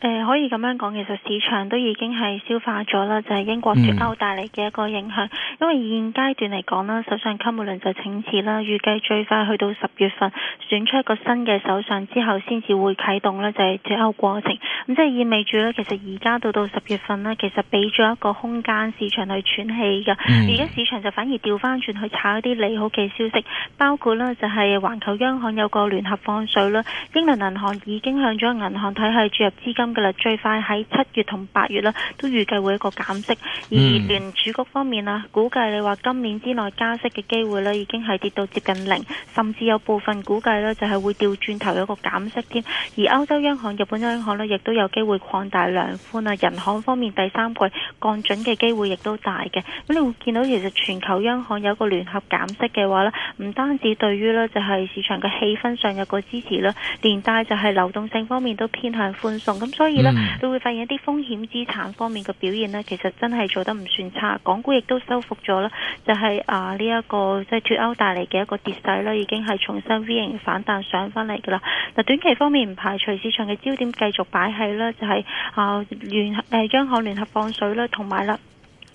誒、呃，可以咁樣講，其實市場都已經係消化咗啦，就係、是、英國脫歐帶嚟嘅一個影響。嗯、因為現階段嚟講啦，首相卡梅倫就請辭啦，預計最快去到十月份選出一個新嘅首相之後，先至會啟動呢就係、是、脫歐過程。咁、嗯、即係意味住呢，其實而家到到十月份呢，其實俾咗一個空間市場去喘氣嘅。嗯、而家市場就反而調翻轉去炒一啲利好嘅消息，包括呢就係、是、環球央行有個聯合放水啦，英格蘭銀行已經向咗銀行體系注入資金。最快喺七月同八月咧都預計會一個減息。而聯儲局方面啊，估計你話今年之內加息嘅機會咧已經係跌到接近零，甚至有部分估計咧就係會調轉頭有一個減息添。而歐洲央行、日本央行咧亦都有機會擴大量寬啊。人行方面，第三季降準嘅機會亦都大嘅。咁你會見到其實全球央行有一個聯合減息嘅話咧，唔單止對於咧就係市場嘅氣氛上有一個支持啦，連帶就係流動性方面都偏向寬鬆。咁所以咧，你會發現一啲風險資產方面嘅表現咧，其實真係做得唔算差。港股亦都收復咗啦，就係、是、啊呢、這個就是、一個即係脫歐帶嚟嘅一個跌勢啦，已經係重新 V 型反彈上返嚟嘅啦。嗱，短期方面唔排除市場嘅焦點繼續擺喺咧，就係、是、啊聯誒央行聯合放水啦，同埋啦。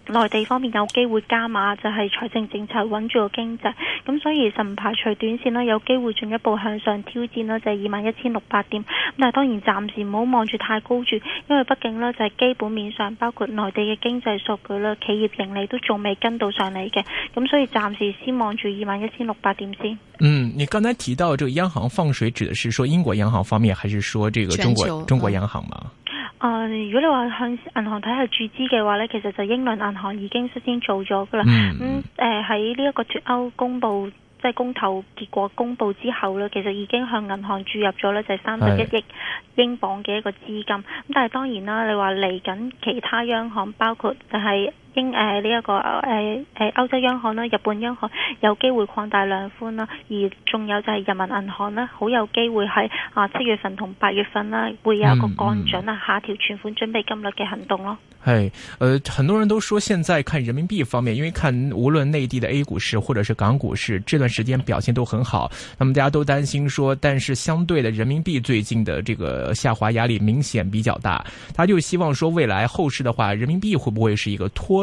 內地方面有機會加碼，就係、是、財政政策穩住個經濟，咁所以其實唔排除短綫啦，有機會進一步向上挑戰啦，就係二萬一千六百點。咁但係當然暫時唔好望住太高住，因為畢竟呢，就係基本面上，包括內地嘅經濟數據啦、企業盈利都仲未跟到上嚟嘅，咁所以暫時先望住二萬一千六百點先。嗯，你剛才提到這個央行放水，指的是說英國央行方面，還是說這個中國、嗯、中國央行嗎？誒、呃，如果你話向銀行體系注資嘅話呢，其實就英倫銀行已經率先做咗噶啦。咁誒喺呢一個脫歐公佈，即係公投結果公佈之後呢，其實已經向銀行注入咗呢就係三十一億英鎊嘅一個資金。咁是但係當然啦，你話嚟緊其他央行，包括就係、是。英誒呢一個誒誒歐洲央行啦、日本央行有機會擴大量寬啦，而仲有就係人民銀行啦，好有機會係啊七月份同八月份啦，會有一個降準啊、下調存款準備金率嘅行動咯。係，誒很多人都說，現在看人民幣方面，因為看無論內地的 A 股市或者是港股市，這段時間表現都很好，那麼大家都擔心說，但是相對的人民幣最近的這個下滑壓力明顯比較大，他就希望說未來後市的話，人民幣會不會是一個拖？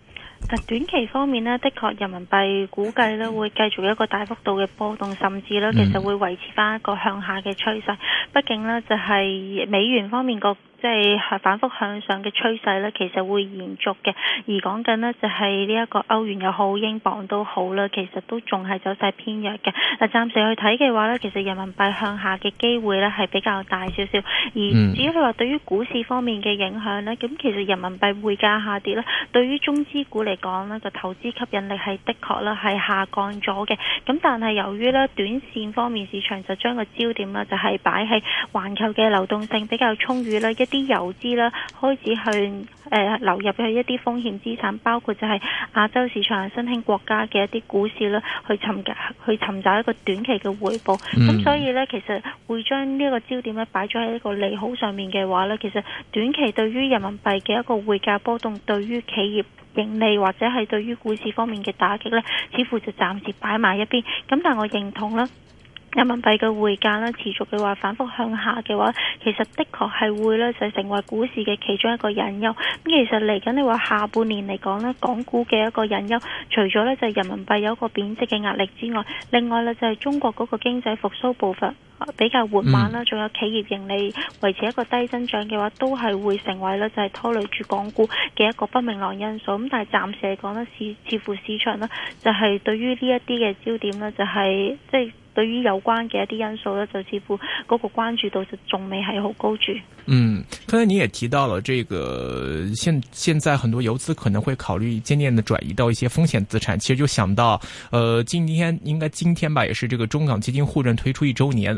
嗱，短期方面呢的確人民幣估計呢會繼續一個大幅度嘅波動，甚至呢其實會維持翻一個向下嘅趨勢。畢竟呢就係美元方面個。即係反覆向上嘅趨勢咧，其實會延續嘅。而講緊呢，就係呢一個歐元又好，英鎊都好啦，其實都仲係走勢偏弱嘅。嗱，暫時去睇嘅話咧，其實人民幣向下嘅機會咧係比較大少少。而至於佢話對於股市方面嘅影響咧，咁其實人民幣匯價下跌咧，對於中資股嚟講咧就投資吸引力係的確啦係下降咗嘅。咁但係由於咧短線方面市場就將個焦點啦，就係擺喺環球嘅流動性比較充裕啦一，啲游資啦，開始去誒、呃、流入去一啲風險資產，包括就係亞洲市場、新興國家嘅一啲股市啦，去尋找去尋找一個短期嘅回報。咁、嗯、所以呢，其實會將呢一個焦點咧擺咗喺一個利好上面嘅話呢，其實短期對於人民幣嘅一個匯價波動，對於企業盈利或者係對於股市方面嘅打擊呢，似乎就暫時擺埋一邊。咁但我認同啦。人民幣嘅匯價呢，持續嘅話反覆向下嘅話，其實的確係會呢就成為股市嘅其中一個隱憂。咁其實嚟緊你話下半年嚟講呢，港股嘅一個隱憂，除咗呢就係人民幣有一個貶值嘅壓力之外，另外呢就係中國嗰個經濟復甦步伐。嗯、比較緩慢啦，仲有企業盈利維持一個低增長嘅話，都係會成為咧，就係拖累住港股嘅一個不明朗因素。咁但係暫時嚟講呢，市似乎市場呢、就係，就係對於呢一啲嘅焦點呢，就係即係對於有關嘅一啲因素呢，就似乎嗰個關注度就仲未係好高住。嗯，剛才你也提到了，這個現現在很多遊資可能會考慮漸漸的轉移到一些風險資產，其實就想到，呃，今天應該今天吧，也是這個中港基金互認推出一周年。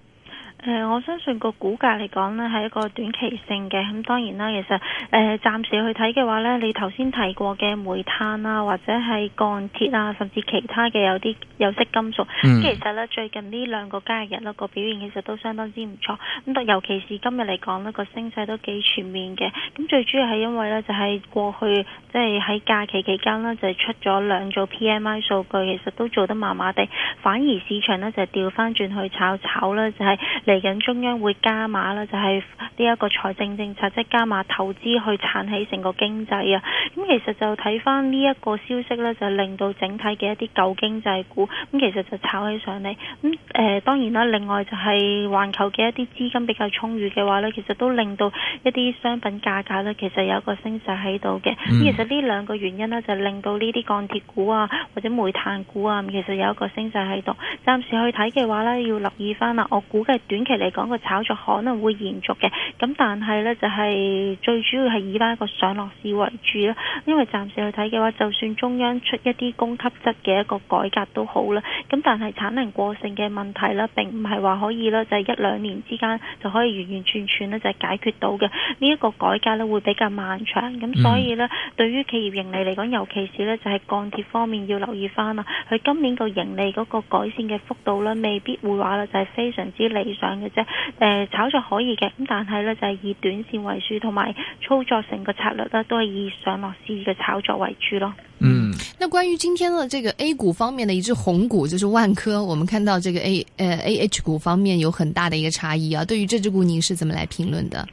呃、我相信個股價嚟講咧係一個短期性嘅，咁當然啦。其實、呃、暫時去睇嘅話咧，你頭先提過嘅煤炭啦、啊，或者係鋼鐵啊，甚至其他嘅有啲有色金屬，嗯、其實咧最近呢兩個交易日，日呢個表現其實都相當之唔錯。咁尤其係今日嚟講呢個升勢都幾全面嘅。咁最主要係因為咧就係、是、過去即係喺假期期間呢就出咗兩組 P M I 數據，其實都做得麻麻地，反而市場咧就調翻轉去炒炒啦，就係、是。嚟緊中央會加碼啦，就係呢一個財政政策，即、就、係、是、加碼投資去撐起成個經濟啊。咁其實就睇翻呢一個消息咧，就令到整體嘅一啲舊經濟股，咁其實就炒起上嚟。咁、嗯、誒、呃、當然啦，另外就係環球嘅一啲資金比較充裕嘅話咧，其實都令到一啲商品價格咧，其實有一個升勢喺度嘅。咁、嗯、其實呢兩個原因咧，就令到呢啲鋼鐵股啊或者煤炭股啊，其實有一個升勢喺度。暫時去睇嘅話咧，要留意翻啦。我估嘅短短期嚟講，個炒作可能會延續嘅，咁但係咧就係最主要係以翻一個上落市為主啦。因為暫時去睇嘅話，就算中央出一啲供給側嘅一個改革都好啦，咁但係產能過剩嘅問題咧，並唔係話可以啦，就係一兩年之間就可以完完全全咧就係解決到嘅。呢一個改革咧會比較漫長，咁所以咧對於企業盈利嚟講，尤其是咧就係鋼鐵方面要留意翻啦，佢今年個盈利嗰個改善嘅幅度咧未必會話咧就係非常之理想。嘅啫，誒，炒作可以嘅，咁但係咧就係以短線為主，同埋操作成個策略咧都係以上落市嘅炒作為主咯。嗯，那關於今天的這個 A 股方面的一支紅股，就是萬科，我們看到這個 A A、呃、H 股方面有很大的一個差異啊。對於這隻股，你是怎麼來評論的？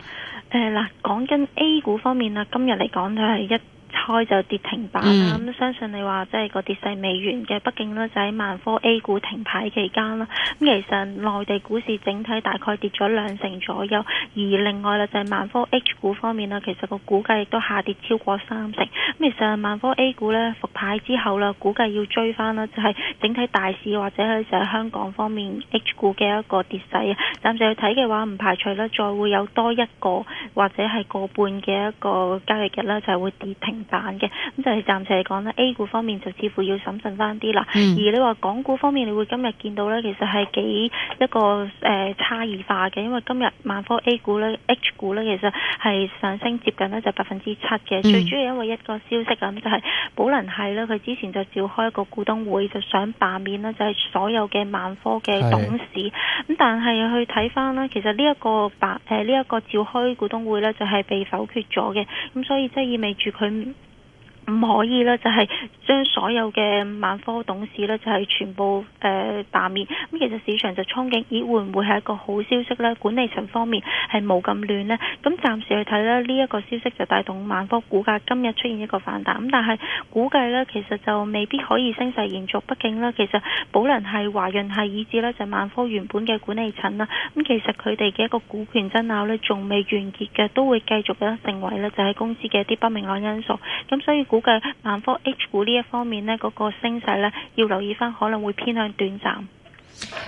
誒嗱，講緊 A 股方面啦，今日嚟講就係一。開就跌停板啦，咁、嗯、相信你話即係個跌勢未完嘅，畢竟咧就喺萬科 A 股停牌期間啦。咁其實內地股市整體大概跌咗兩成左右，而另外咧，就係萬科 H 股方面啦，其實個股價亦都下跌超過三成。咁其實萬科 A 股咧復牌之後啦，估計要追翻啦，就係整體大市或者係就係香港方面 H 股嘅一個跌勢啊。暫時要睇嘅話，唔排除咧再會有多一個或者係過半嘅一個交易日咧，就係會跌停。辦嘅咁就係暫時嚟講咧，A 股方面就似乎要審慎翻啲啦。嗯、而你話港股方面，你會今日見到咧，其實係幾一個誒、呃、差異化嘅，因為今日萬科 A 股咧、H 股咧，其實係上升接近咧就百分之七嘅。嗯、最主要因為一個消息咁就係寶能係咧，佢之前就召開一個股東會，就想罷免呢就係所有嘅萬科嘅董事。咁是的 但係去睇翻咧，其實呢、這、一個罷誒呢一個召開股東會咧，就係被否決咗嘅。咁所以即係意味住佢。唔可以啦，就係、是、將所有嘅萬科董事呢，就係、是、全部誒罷免。咁、呃、其實市場就憧憬，咦會唔會係一個好消息呢？管理層方面係冇咁亂呢。咁暫時去睇呢，呢、這、一個消息就帶動萬科股價今日出現一個反彈。咁但係估計呢，其實就未必可以升勢延續。畢竟呢，其實寶能係華潤係以至呢，就萬、是、科原本嘅管理層啦。咁其實佢哋嘅一個股權爭拗呢，仲未完結嘅，都會繼續呢成為呢，就係、是、公司嘅一啲不明朗因素。咁所以嘅萬科 H 股呢，一方面呢，嗰個升勢呢要留意翻，可能會偏向短暫。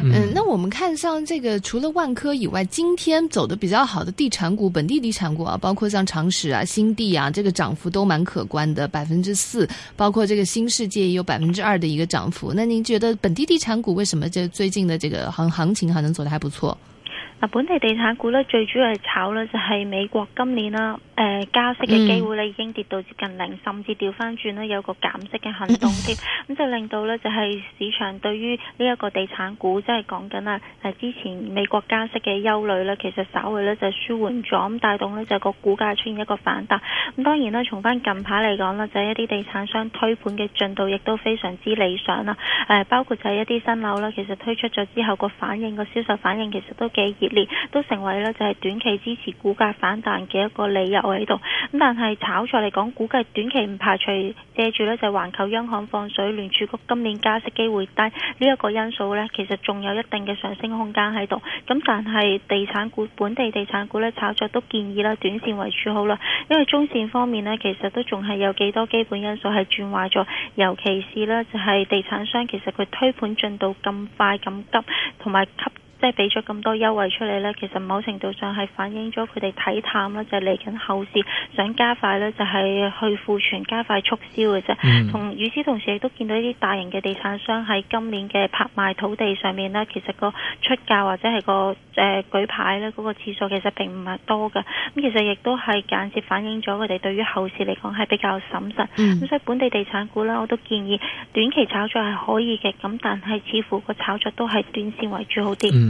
嗯，那我們看像這個，除了萬科以外，今天走的比較好的地產股，本地地產股啊，包括像長實啊、新地啊，這個漲幅都蠻可觀的，百分之四，包括這個新世界也有百分之二的一個漲幅。那您覺得本地地產股為什麼這最近的這個行行情還能走得還不錯？啊，本地地產股呢，最主要係炒呢，就係美國今年啦。加息嘅機會已經跌到接近零，甚至調返轉呢有個減息嘅行動添，咁就令到呢，就係市場對於呢一個地產股真係講緊呀，之前美國加息嘅憂慮呢，其實稍微呢就舒緩咗，咁帶動呢就個股價出現一個反彈。咁當然啦，從返近排嚟講啦，就係一啲地產商推盤嘅進度亦都非常之理想啦。誒包括就係一啲新樓呢，其實推出咗之後個反應，個銷售反應其實都幾熱烈，都成為呢就係短期支持股價反彈嘅一個理由。喺度，咁但係炒作嚟講，估計短期唔排除借住咧就係環球央行放水、聯儲局今年加息機會低呢一個因素咧，其實仲有一定嘅上升空間喺度。咁但係地產股、本地地產股咧炒作都建議啦，短線為主好啦。因為中線方面咧，其實都仲係有幾多基本因素係轉壞咗，尤其是咧就係地產商，其實佢推盤進度咁快咁急，同埋吸。即係俾咗咁多優惠出嚟呢，其實某程度上係反映咗佢哋睇淡啦，就係嚟緊後市，想加快呢，就係、是、去庫存、加快促銷嘅啫。Mm. 同與此同時，亦都見到一啲大型嘅地產商喺今年嘅拍賣土地上面呢，其實個出價或者係、個誒、呃、舉牌呢，嗰個次數其實並唔係多嘅。咁其實亦都係間接反映咗佢哋對於後市嚟講係比較審慎。咁、mm. 所以本地地產股呢，我都建議短期炒作係可以嘅，咁但係似乎個炒作都係短線為主好啲。Mm.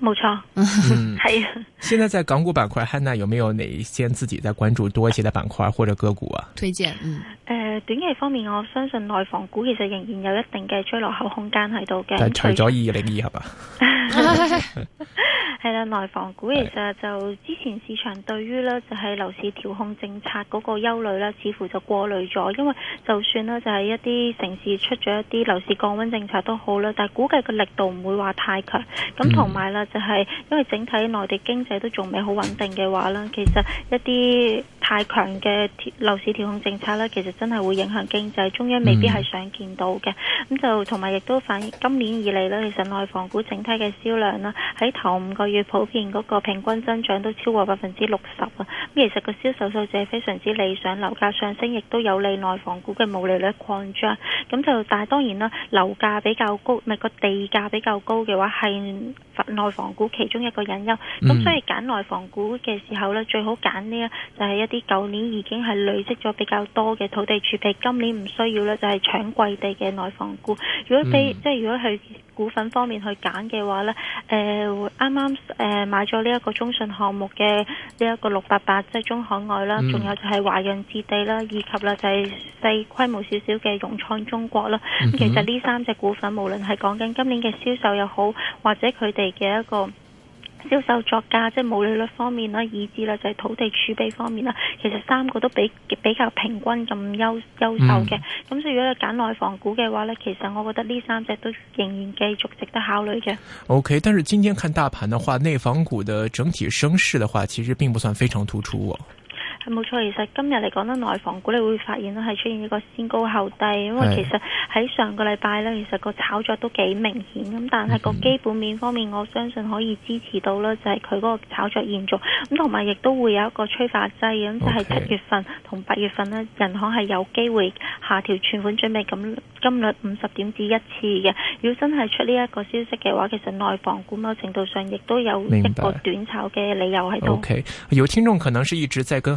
冇錯，係。現在在港股板塊，Hannah 有沒有哪一些自己在關注多一些的板塊或者個股啊？推薦，誒、嗯呃、短期方面，我相信內房股其實仍然有一定嘅追落後空間喺度嘅。除咗二零二合啊，係啦，內房股其實就之前市場對於呢，就係樓市調控政策嗰個憂慮咧，似乎就過濾咗，因為就算咧就係一啲城市出咗一啲樓市降温政策都好啦，但係估計個力度唔會話太強，咁同埋啦。就係因為整體內地經濟都仲未好穩定嘅話啦，其實一啲太強嘅樓市調控政策咧，其實真係會影響經濟，中央未必係想見到嘅。咁、嗯、就同埋亦都反映今年以嚟咧，其實內房股整體嘅銷量啦，喺頭五個月普遍嗰個平均增長都超過百分之六十啊！咁其實個銷售數字係非常之理想，樓價上升亦都有利內房股嘅毛利率擴張，咁就但係當然啦，樓價比較高唔係個地價比較高嘅話，係。內。房股，嗯、其中一個隱憂，咁所以揀內房股嘅時候咧，最好揀呢一就係一啲舊年已經係累積咗比較多嘅土地儲備，今年唔需要咧，就係、是、搶貴地嘅內房股。如果俾，嗯、即係如果佢。股份方面去揀嘅話呢誒啱啱誒買咗呢一個中信項目嘅呢一個六八八，即係中海外啦，仲、hmm. 有就係華潤置地啦，以及啦就係細規模少少嘅融創中國啦。Mm hmm. 其實呢三隻股份，無論係講緊今年嘅銷售又好，或者佢哋嘅一個。銷售作價即係毛利率方面啦，以至啦就係、是、土地儲備方面啦，其實三個都比比較平均咁優優秀嘅。咁、嗯、所以如果你揀內房股嘅話咧，其實我覺得呢三隻都仍然繼續值得考慮嘅。O、okay, K，但是今天看大盤嘅話，內房股嘅整體升勢嘅話，其實並不算非常突出哦。冇錯，其實今日嚟講呢，內房股你會發現呢係出現一個先高後低，因為其實喺上個禮拜呢其實個炒作都幾明顯咁，但係個基本面方面，嗯、哼我相信可以支持到啦，就係佢嗰個炒作現象。咁同埋亦都會有一個催化劑，咁就係、是、七月份同八月份呢人行係有機會下調存款準備金率五十點至一次嘅。如果真係出呢一個消息嘅話，其實內房股某程度上亦都有一個短炒嘅理由喺度。Okay. 有聽眾可能是一直在跟。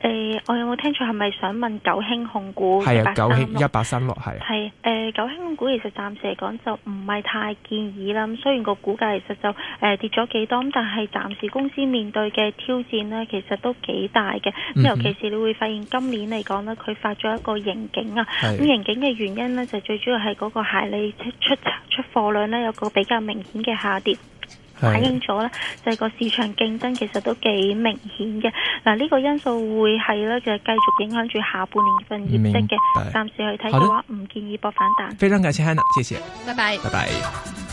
誒、欸，我有冇聽錯？係咪想問九興控股？係啊，九興一八三六係。係誒，九興控股其實暫時嚟講就唔係太建議啦。咁雖然個股價其實就誒、呃、跌咗幾多，咁但係暫時公司面對嘅挑戰咧，其實都幾大嘅。咁、嗯、哼尤其是你會發現今年嚟講咧，佢發咗一個盈警啊。咁盈是警嘅原因咧，就最主要係嗰個鞋類出出貨量咧有個比較明顯嘅下跌。是反映咗啦，就係、是、個市場競爭其實都幾明顯嘅。嗱，呢個因素會係咧就繼續影響住下半年份業績嘅。白暫時去睇嘅話，唔的建議博反彈。非常感謝 Hannah，謝謝。拜拜，拜拜。